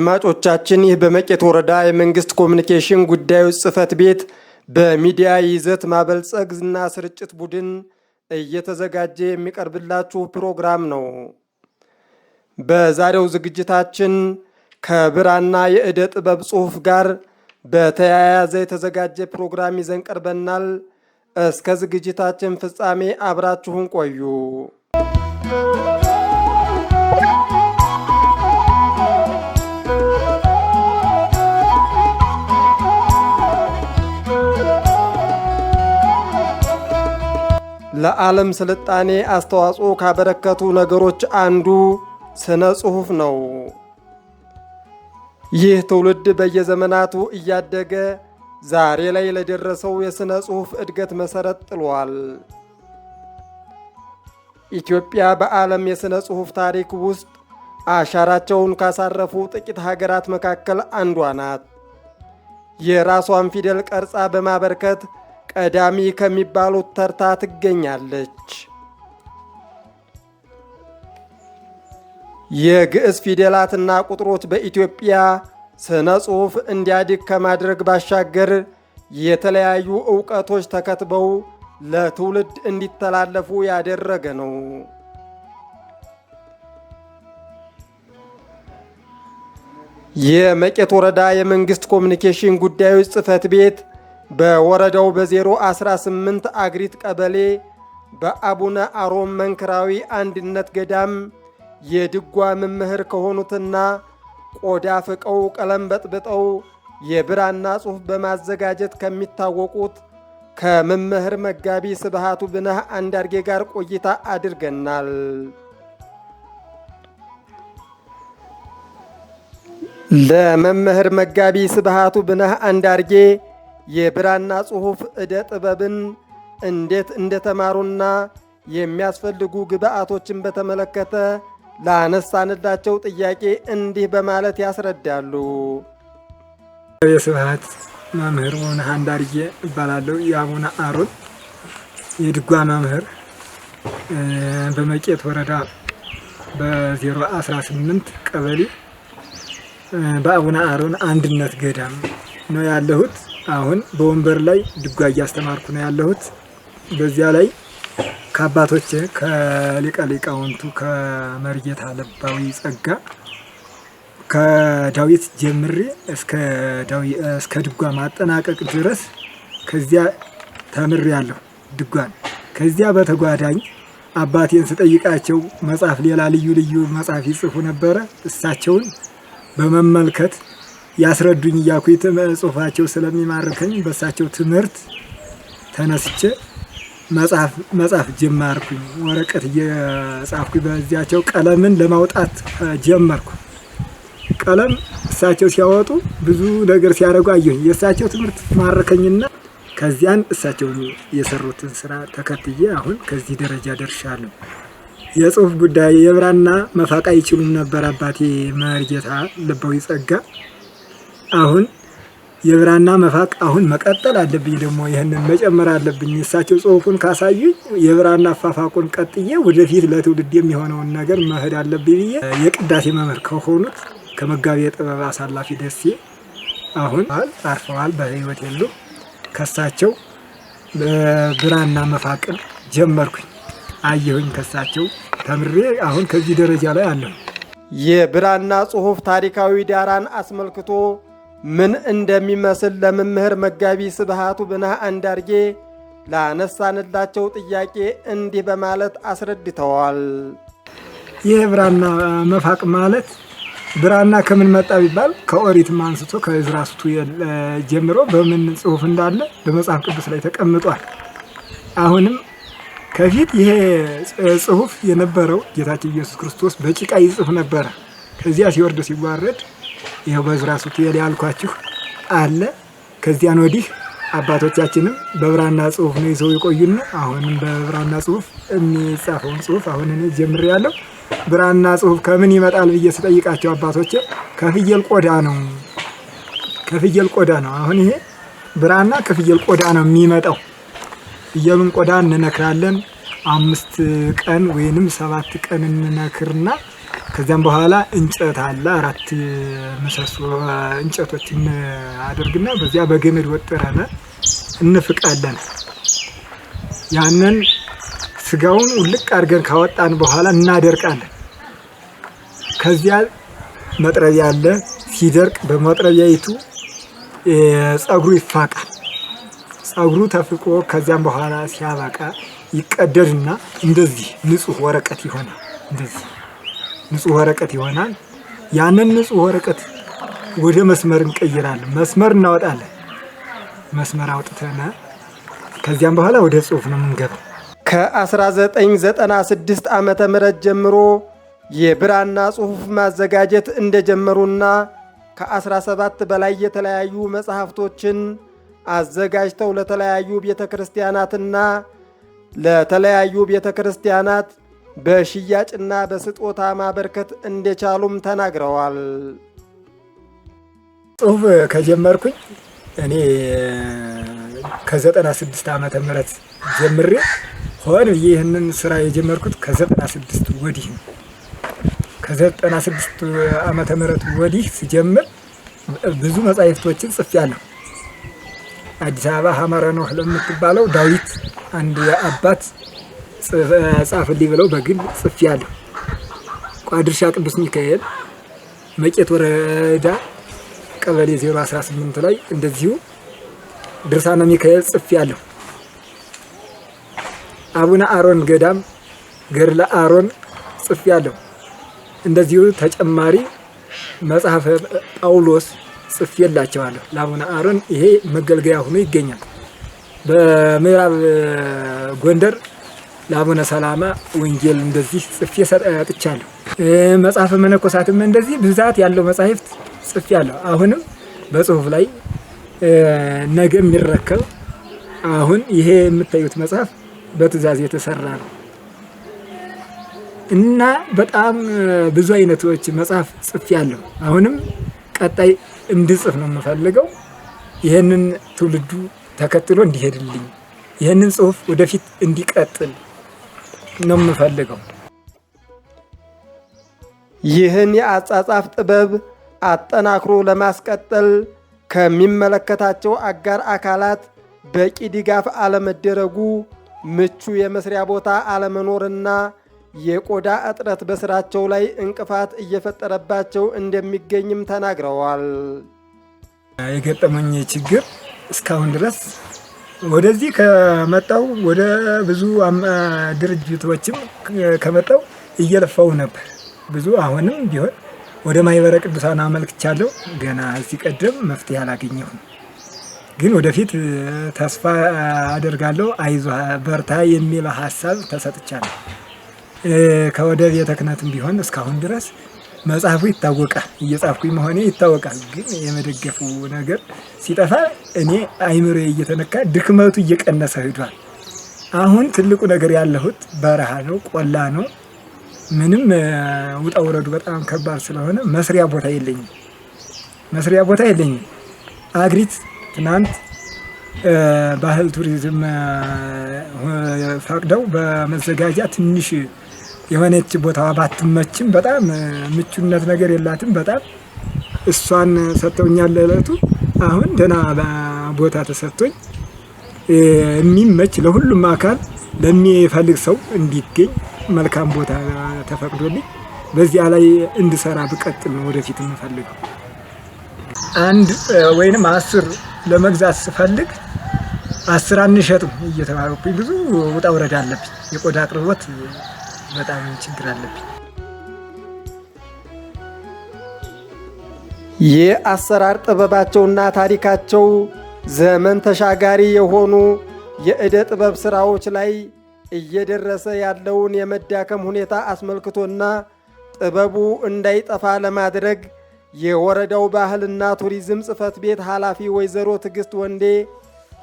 አድማጮቻችን ይህ በመቄት ወረዳ የመንግስት ኮሚኒኬሽን ጉዳዮች ጽህፈት ቤት በሚዲያ ይዘት ማበልጸግና ስርጭት ቡድን እየተዘጋጀ የሚቀርብላችሁ ፕሮግራም ነው። በዛሬው ዝግጅታችን ከብራና የእደ ጥበብ ጽሑፍ ጋር በተያያዘ የተዘጋጀ ፕሮግራም ይዘን ቀርበናል። እስከ ዝግጅታችን ፍጻሜ አብራችሁን ቆዩ። ለዓለም ስልጣኔ አስተዋጽኦ ካበረከቱ ነገሮች አንዱ ስነ ጽሑፍ ነው። ይህ ትውልድ በየዘመናቱ እያደገ ዛሬ ላይ ለደረሰው የሥነ ጽሑፍ እድገት መሠረት ጥሏል። ኢትዮጵያ በዓለም የሥነ ጽሑፍ ታሪክ ውስጥ አሻራቸውን ካሳረፉ ጥቂት ሀገራት መካከል አንዷ ናት። የራሷን ፊደል ቀርጻ በማበርከት ቀዳሚ ከሚባሉት ተርታ ትገኛለች። የግዕዝ ፊደላትና ቁጥሮች በኢትዮጵያ ስነ ጽሑፍ እንዲያድግ ከማድረግ ባሻገር የተለያዩ እውቀቶች ተከትበው ለትውልድ እንዲተላለፉ ያደረገ ነው። የመቄት ወረዳ የመንግስት ኮሚኒኬሽን ጉዳዮች ጽሕፈት ቤት በወረዳው በ018 አግሪት ቀበሌ በአቡነ አሮም መንክራዊ አንድነት ገዳም የድጓ መምህር ከሆኑትና ቆዳ ፍቀው ቀለም በጥብጠው የብራና ጽሑፍ በማዘጋጀት ከሚታወቁት ከመምህር መጋቢ ስብሃቱ ብነህ አንዳርጌ ጋር ቆይታ አድርገናል። ለመምህር መጋቢ ስብሃቱ ብነህ አንዳርጌ የብራና ጽሑፍ ዕደ ጥበብን እንዴት እንደተማሩና የሚያስፈልጉ ግብአቶችን በተመለከተ ላነሳንላቸው ጥያቄ እንዲህ በማለት ያስረዳሉ። የስብሐት መምህር ሆነ አንዳርጌ እባላለሁ። የአቡነ አሮን የድጓ መምህር በመቄት ወረዳ በ018 ቀበሌ በአቡነ አሮን አንድነት ገዳም ነው ያለሁት። አሁን በወንበር ላይ ድጓ እያስተማርኩ ነው ያለሁት። በዚያ ላይ ከአባቶች ከሊቀ ሊቃውንቱ ከመርጌታ ለባዊ ጸጋ ከዳዊት ጀምሬ እስከ ድጓ ማጠናቀቅ ድረስ ከዚያ ተምሬ ያለሁ ድጓን። ከዚያ በተጓዳኝ አባቴን ስጠይቃቸው መጽሐፍ ሌላ ልዩ ልዩ መጽሐፍ ይጽፉ ነበረ። እሳቸውን በመመልከት ያስረዱኝ እያኩ ጽሁፋቸው ስለሚማርከኝ በሳቸው ትምህርት ተነስቼ መጻፍ ጀመርኩኝ። ወረቀት እየጻፍኩኝ በዚያቸው ቀለምን ለማውጣት ጀመርኩ። ቀለም እሳቸው ሲያወጡ ብዙ ነገር ሲያደርጉ አየሁኝ። የእሳቸው ትምህርት ማረከኝና ከዚያን እሳቸውን የሰሩትን ስራ ተከትዬ አሁን ከዚህ ደረጃ ደርሻለሁ። የጽሁፍ ጉዳይ የብራና መፋቃ ይችሉም ነበር አባቴ መርጌታ ልበው ይጸጋ አሁን የብራና መፋቅ አሁን መቀጠል አለብኝ፣ ደግሞ ይህንን መጨመር አለብኝ። እሳቸው ጽሁፉን ካሳዩኝ የብራና አፋፋቁን ቀጥዬ ወደፊት ለትውልድ የሚሆነውን ነገር መሄድ አለብኝ ብዬ የቅዳሴ መምህር ከሆኑት ከመጋቢ ጥበብ አሳላፊ ደሴ አሁን አርፈዋል፣ በህይወት የሉ ከሳቸው ብራና መፋቅን ጀመርኩኝ፣ አየሁኝ፣ ከሳቸው ተምሬ አሁን ከዚህ ደረጃ ላይ አለሁ። የብራና ጽሁፍ ታሪካዊ ዳራን አስመልክቶ ምን እንደሚመስል ለመምህር መጋቢ ስብሃቱ ብና አንዳርጌ ላነሳንላቸው ጥያቄ እንዲህ በማለት አስረድተዋል። ይህ ብራና መፋቅ ማለት ብራና ከምን መጣ ቢባል ከኦሪትም አንስቶ ከዝራስቱ ጀምሮ በምን ጽሁፍ እንዳለ በመጽሐፍ ቅዱስ ላይ ተቀምጧል። አሁንም ከፊት ይሄ ጽሁፍ የነበረው ጌታችን ኢየሱስ ክርስቶስ በጭቃ ይጽፍ ነበረ። ከዚያ ሲወርድ ሲዋረድ ይኸው በዝራሱ ሱቱኤል ያልኳችሁ አለ። ከዚያን ወዲህ አባቶቻችንም በብራና ጽሁፍ ነው ይዘው ይቆዩና አሁንም በብራና ጽሁፍ የሚጻፈውን ጽሁፍ አሁን እኔ ጀምሬያለሁ። ብራና ጽሁፍ ከምን ይመጣል ብዬ ስጠይቃቸው አባቶቼ ከፍየል ቆዳ ነው፣ ከፍየል ቆዳ ነው። አሁን ይሄ ብራና ከፍየል ቆዳ ነው የሚመጣው። ፍየሉን ቆዳ እንነክራለን። አምስት ቀን ወይንም ሰባት ቀን እንነክርና ከዚያም በኋላ እንጨት አለ አራት ምሰሶ እንጨቶች አድርግና በዚያ በገመድ ወጥረን እንፍቃለን። ያንን ስጋውን ውልቅ አድርገን ካወጣን በኋላ እናደርቃለን። ከዚያ መጥረቢያ አለ። ሲደርቅ በመጥረቢያይቱ ጸጉሩ ይፋቃል። ጸጉሩ ተፍቆ ከዚያም በኋላ ሲያበቃ ይቀደድና እንደዚህ ንጹህ ወረቀት ይሆናል እንደዚህ ንጹህ ወረቀት ይሆናል። ያንን ንጹህ ወረቀት ወደ መስመር እንቀይራለን። መስመር እናወጣለን። መስመር አውጥተን ከዚያም በኋላ ወደ ጽሁፍ ነው የምንገባው። ከ1996 ዓ ም ጀምሮ የብራና ጽሁፍ ማዘጋጀት እንደጀመሩና ከ17 በላይ የተለያዩ መጽሐፍቶችን አዘጋጅተው ለተለያዩ ቤተ ክርስቲያናትና ለተለያዩ ቤተ ክርስቲያናት በሽያጭና በስጦታ ማበርከት እንደቻሉም ተናግረዋል። ጽሁፍ ከጀመርኩኝ እኔ ከዘጠና ስድስት ዓመተ ምህረት ጀምሬ ሆን ብዬ ይህንን ስራ የጀመርኩት ከዘጠና ስድስት ወዲህ ነው። ከዘጠና ስድስት ዓመተ ምህረት ወዲህ ስጀምር ብዙ መጻሕፍቶችን ጽፌያለሁ። አዲስ አበባ ሐመረ ኖህ ለምትባለው ዳዊት አንድ አባት ጻፍልኝ ብለው በግል ጽፌያለሁ። ቋድርሻ ቅዱስ ሚካኤል መቄት ወረዳ ቀበሌ 018 ላይ እንደዚሁ ድርሳነ ሚካኤል ጽፌያለሁ። አቡነ አሮን ገዳም ገድለ አሮን ጽፌያለሁ። እንደዚሁ ተጨማሪ መጽሐፈ ጳውሎስ ጽፌላቸዋለሁ ለአቡነ አሮን። ይሄ መገልገያ ሆኖ ይገኛል። በምዕራብ ጎንደር ለአቡነ ሰላማ ወንጌል እንደዚህ ጽፌ ሰጥቻለሁ። መጽሐፈ መነኮሳትም እንደዚህ ብዛት ያለው መጽሐፍት ጽፌ ያለሁ። አሁንም በጽሁፍ ላይ ነገ የሚረከብ አሁን ይሄ የምታዩት መጽሐፍ በትእዛዝ የተሰራ ነው እና በጣም ብዙ አይነቶች መጽሐፍ ጽፌ ያለሁ። አሁንም ቀጣይ እንድጽፍ ነው የምፈልገው። ይህንን ትውልዱ ተከትሎ እንዲሄድልኝ ይህንን ጽሁፍ ወደፊት እንዲቀጥል ነው የምፈልገው። ይህን የአጻጻፍ ጥበብ አጠናክሮ ለማስቀጠል ከሚመለከታቸው አጋር አካላት በቂ ድጋፍ አለመደረጉ፣ ምቹ የመስሪያ ቦታ አለመኖርና የቆዳ እጥረት በስራቸው ላይ እንቅፋት እየፈጠረባቸው እንደሚገኝም ተናግረዋል። የገጠመኝ ችግር እስካሁን ድረስ ወደዚህ ከመጣው ወደ ብዙ ድርጅቶችም ከመጣው እየለፋው ነበር። ብዙ አሁንም ቢሆን ወደ ማህበረ ቅዱሳን አመልክቻለሁ። ገና ሲቀደም መፍትሄ አላገኘሁም፣ ግን ወደፊት ተስፋ አደርጋለሁ። አይዞ በርታ የሚል ሀሳብ ተሰጥቻለሁ። ከወደ ቤተ ክህነትም ቢሆን እስካሁን ድረስ መጽሐፉ ይታወቃል እየጻፍኩ መሆኔ ይታወቃል። ግን የመደገፉ ነገር ሲጠፋ እኔ አይምሮ እየተነካ ድክመቱ እየቀነሰ ሂዷል። አሁን ትልቁ ነገር ያለሁት በረሃ ነው፣ ቆላ ነው። ምንም ውጣ ውረዱ በጣም ከባድ ስለሆነ መስሪያ ቦታ የለኝም። መስሪያ ቦታ የለኝም። አግሪት ትናንት ባህል ቱሪዝም ፈቅደው በመዘጋጃ ትንሽ የሆነች ቦታ ባትመችም በጣም ምቹነት ነገር የላትም። በጣም እሷን ሰጥተውኛል። ለእለቱ። አሁን ደህና ቦታ ተሰጥቶኝ የሚመች ለሁሉም አካል ለሚፈልግ ሰው እንዲገኝ መልካም ቦታ ተፈቅዶልኝ በዚያ ላይ እንድሰራ ብቀጥል ነው ወደፊት የምፈልገው። አንድ ወይንም አስር ለመግዛት ስፈልግ አስር አንሸጥም እየተባለብኝ ብዙ ውጣ ውረድ አለብኝ። የቆዳ አቅርቦት በጣም ችግር አለብኝ። የአሰራር ጥበባቸውና ታሪካቸው ዘመን ተሻጋሪ የሆኑ የእደ ጥበብ ሥራዎች ላይ እየደረሰ ያለውን የመዳከም ሁኔታ አስመልክቶና ጥበቡ እንዳይጠፋ ለማድረግ የወረዳው ባህልና ቱሪዝም ጽሕፈት ቤት ኃላፊ ወይዘሮ ትዕግስት ወንዴ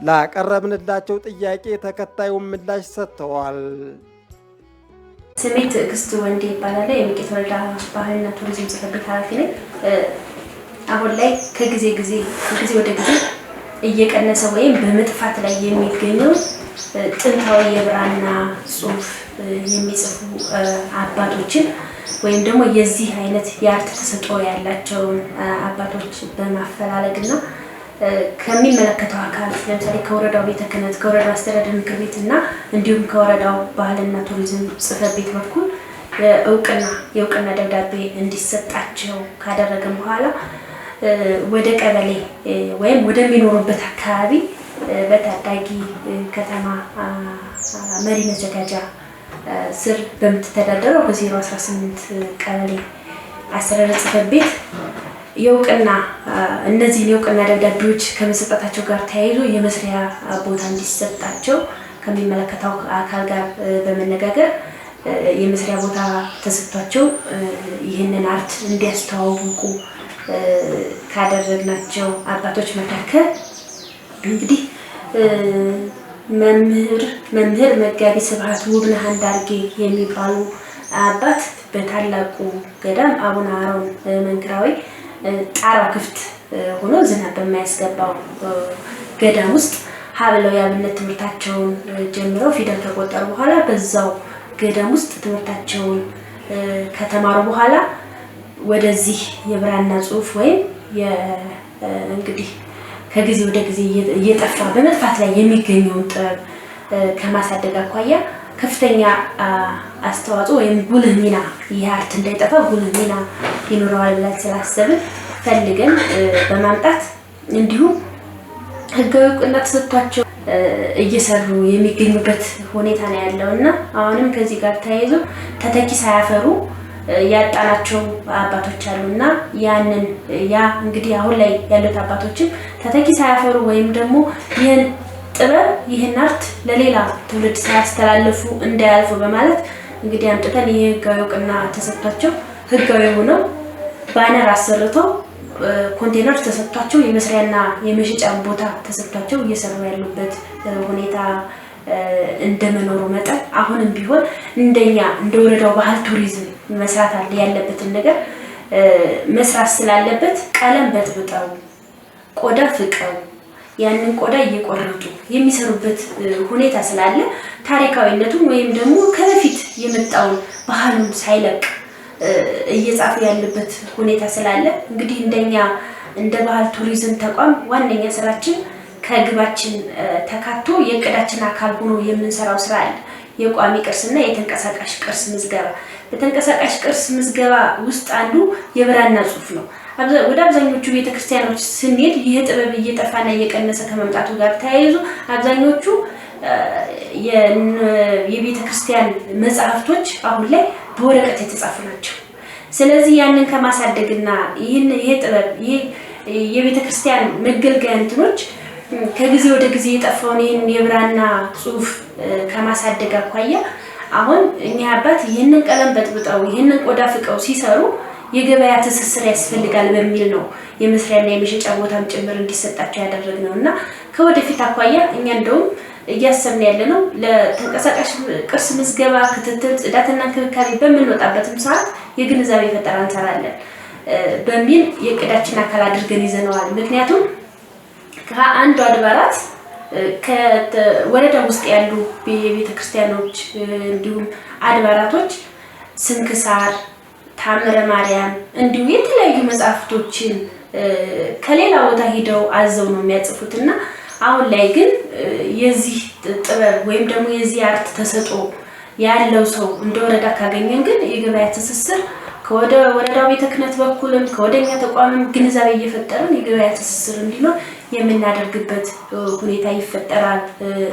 ላቀረብንላቸው ጥያቄ ተከታዩን ምላሽ ሰጥተዋል። ስሜ ትዕግስት ወንዴ ይባላል። የሚቄት ወረዳ ባህልና ቱሪዝም ጽሕፈት ቤት ኃላፊ ነኝ። አሁን ላይ ከጊዜ ጊዜ ከጊዜ ወደ ጊዜ እየቀነሰ ወይም በመጥፋት ላይ የሚገኘው ጥንታዊ የብራና ጽሑፍ የሚጽፉ አባቶችን ወይም ደግሞ የዚህ አይነት የአርት ተሰጥኦ ያላቸውን አባቶች በማፈላለግ እና ከሚመለከተው አካል ለምሳሌ ከወረዳው ቤተ ክህነት፣ ከወረዳው አስተዳደር ምክር ቤት እና እንዲሁም ከወረዳው ባህልና ቱሪዝም ጽሕፈት ቤት በኩል እውቅና የእውቅና ደብዳቤ እንዲሰጣቸው ካደረገ በኋላ ወደ ቀበሌ ወይም ወደሚኖሩበት አካባቢ በታዳጊ ከተማ መሪ መዘጋጃ ስር በምትተዳደረው በ018 ቀበሌ አስተዳደር ጽሕፈት ቤት የእውቅና እነዚህን የእውቅና ደብዳቤዎች ከመሰጠታቸው ጋር ተያይዞ የመስሪያ ቦታ እንዲሰጣቸው ከሚመለከተው አካል ጋር በመነጋገር የመስሪያ ቦታ ተሰጥቷቸው ይህንን አርት እንዲያስተዋውቁ ካደረግናቸው አባቶች መካከል እንግዲህ መምህር መምህር መጋቢ ስብሐት ውብነህ አንዳርጌ የሚባሉ አባት በታላቁ ገዳም አቡነ አሮን መንክራዊ ጣራው ክፍት ሆኖ ዝናብ በማያስገባው ገዳም ውስጥ ሀብለው የአብነት ትምህርታቸውን ጀምረው ፊደል ከቆጠሩ በኋላ በዛው ገዳም ውስጥ ትምህርታቸውን ከተማሩ በኋላ ወደዚህ የብራና ጽሑፍ ወይም እንግዲህ ከጊዜ ወደ ጊዜ እየጠፋ በመጥፋት ላይ የሚገኘውን ጥበብ ከማሳደግ አኳያ ከፍተኛ አስተዋጽኦ ወይም ጉልህ ሚና ይህ አርት እንዳይጠፋ ጉልህ ሚና ይኖረዋል ብለን ስላሰብን ፈልገን በማምጣት እንዲሁም ህጋዊ እውቅና ተሰጥቷቸው እየሰሩ የሚገኙበት ሁኔታ ነው ያለው እና አሁንም ከዚህ ጋር ተያይዞ ተተኪ ሳያፈሩ ያጣናቸው አባቶች አሉ እና ያንን ያ እንግዲህ አሁን ላይ ያሉት አባቶችም ተተኪ ሳያፈሩ ወይም ደግሞ ይህን ጥበብ ይህን አርት ለሌላ ትውልድ ሳያስተላለፉ እንዳያልፉ በማለት እንግዲህ አምጥተን ይህ ህጋዊ እውቅና ተሰጥቷቸው ህጋዊ ሆነው ባነር አሰርተው ኮንቴነር ተሰጥቷቸው የመስሪያና የመሸጫ ቦታ ተሰጥቷቸው እየሰሩ ያሉበት ሁኔታ እንደመኖሩ መጠን አሁንም ቢሆን እንደኛ እንደ ወረዳው ባህል ቱሪዝም መስራት አለ ያለበትን ነገር መስራት ስላለበት ቀለም በጥብጠው ቆዳ ፍቀው ያንን ቆዳ እየቆረጡ የሚሰሩበት ሁኔታ ስላለ ታሪካዊነቱን ወይም ደግሞ ከበፊት የመጣውን ባህሉን ሳይለቅ እየጻፈ ያለበት ሁኔታ ስላለ እንግዲህ እንደኛ እንደ ባህል ቱሪዝም ተቋም ዋነኛ ስራችን ከግባችን ተካቶ የእቅዳችን አካል ሆኖ የምንሰራው ስራ አለ። የቋሚ ቅርስና የተንቀሳቃሽ ቅርስ ምዝገባ። በተንቀሳቃሽ ቅርስ ምዝገባ ውስጥ አንዱ የብራና ጽሑፍ ነው። ወደ አብዛኞቹ ቤተክርስቲያኖች ስንሄድ ይህ ጥበብ እየጠፋና እየቀነሰ ከመምጣቱ ጋር ተያይዞ አብዛኞቹ የቤተክርስቲያን መጽሐፍቶች አሁን ላይ በወረቀት የተጻፉ ናቸው። ስለዚህ ያንን ከማሳደግና ይህን ይሄ ጥበብ ይሄ የቤተክርስቲያን መገልገያ እንትኖች ከጊዜ ወደ ጊዜ የጠፋውን ይህን የብራና ጽሑፍ ከማሳደግ አኳያ አሁን እኚህ አባት ይህንን ቀለም በጥብጠው ይህንን ቆዳ ፍቀው ሲሰሩ የገበያ ትስስር ያስፈልጋል በሚል ነው የመስሪያና የመሸጫ ቦታም ጭምር እንዲሰጣቸው ያደረግነው እና ከወደፊት አኳያ እኛ እንደውም እያሰብን ያለ ነው ለተንቀሳቃሽ ቅርስ ምዝገባ፣ ክትትል፣ ጽዳትና እንክብካቤ በምንወጣበትም ሰዓት የግንዛቤ ፈጠራ እንሰራለን በሚል የእቅዳችን አካል አድርገን ይዘነዋል። ምክንያቱም ከአንዱ አድባራት ከወረዳ ውስጥ ያሉ የቤተክርስቲያኖች እንዲሁም አድባራቶች ስንክሳር ታምረ ማርያም እንዲሁ የተለያዩ መጽሐፍቶችን ከሌላ ቦታ ሂደው አዘው ነው የሚያጽፉት እና አሁን ላይ ግን የዚህ ጥበብ ወይም ደግሞ የዚህ አርት ተሰጦ ያለው ሰው እንደ ወረዳ ካገኘን ግን የገበያ ትስስር ከወደ ወረዳው ቤተ ክህነት በኩልም ከወደኛ ተቋምም ግንዛቤ እየፈጠርን የገበያ ትስስር እንዲኖር የምናደርግበት ሁኔታ ይፈጠራል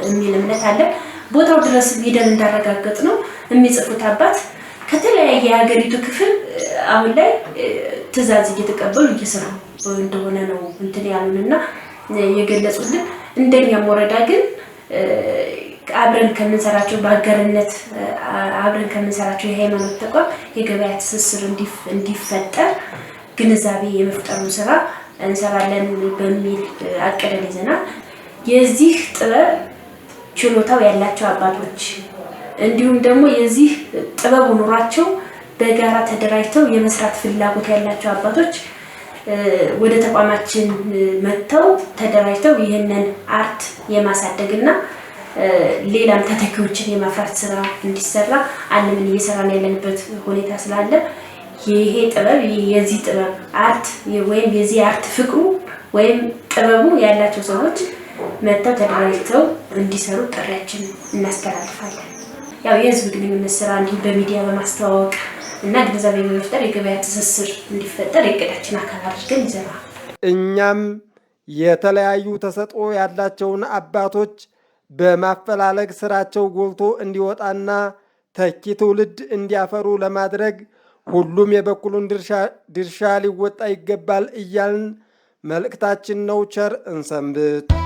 የሚል እምነት አለን። ቦታው ድረስ ሄደን እንዳረጋገጥ ነው የሚጽፉት አባት ከተለያየ የሀገሪቱ ክፍል አሁን ላይ ትዕዛዝ እየተቀበሉ እየሰሩ እንደሆነ ነው እንትን ያሉን እና የገለጹልን። እንደኛም ወረዳ ግን አብረን ከምንሰራቸው በሀገርነት አብረን ከምንሰራቸው የሃይማኖት ተቋም የገበያ ትስስር እንዲፈጠር ግንዛቤ የመፍጠሩ ስራ እንሰራለን በሚል አቅደን ይዘናል። የዚህ ጥበብ ችሎታው ያላቸው አባቶች እንዲሁም ደግሞ የዚህ ጥበቡ ኑሯቸው በጋራ ተደራጅተው የመስራት ፍላጎት ያላቸው አባቶች ወደ ተቋማችን መጥተው ተደራጅተው ይህንን አርት የማሳደግና ሌላም ተተኪዎችን የማፍራት ስራ እንዲሰራ አለምን እየሰራ ያለንበት ሁኔታ ስላለ ይሄ ጥበብ የዚህ ጥበብ አርት ወይም የዚህ አርት ፍቅሩ ወይም ጥበቡ ያላቸው ሰዎች መጥተው ተደራጅተው እንዲሰሩ ጥሪያችን እናስተላልፋለን። ያው የህዝብ ግንኙነት ስራ እንዲህ በሚዲያ በማስተዋወቅ እና ግንዛቤ በመፍጠር የገበያ ትስስር እንዲፈጠር የእቅዳችን አካል አድርገን ይዘናል። እኛም የተለያዩ ተሰጥኦ ያላቸውን አባቶች በማፈላለግ ስራቸው ጎልቶ እንዲወጣና ተኪ ትውልድ እንዲያፈሩ ለማድረግ ሁሉም የበኩሉን ድርሻ ሊወጣ ይገባል እያልን መልእክታችን ነው። ቸር እንሰንብት።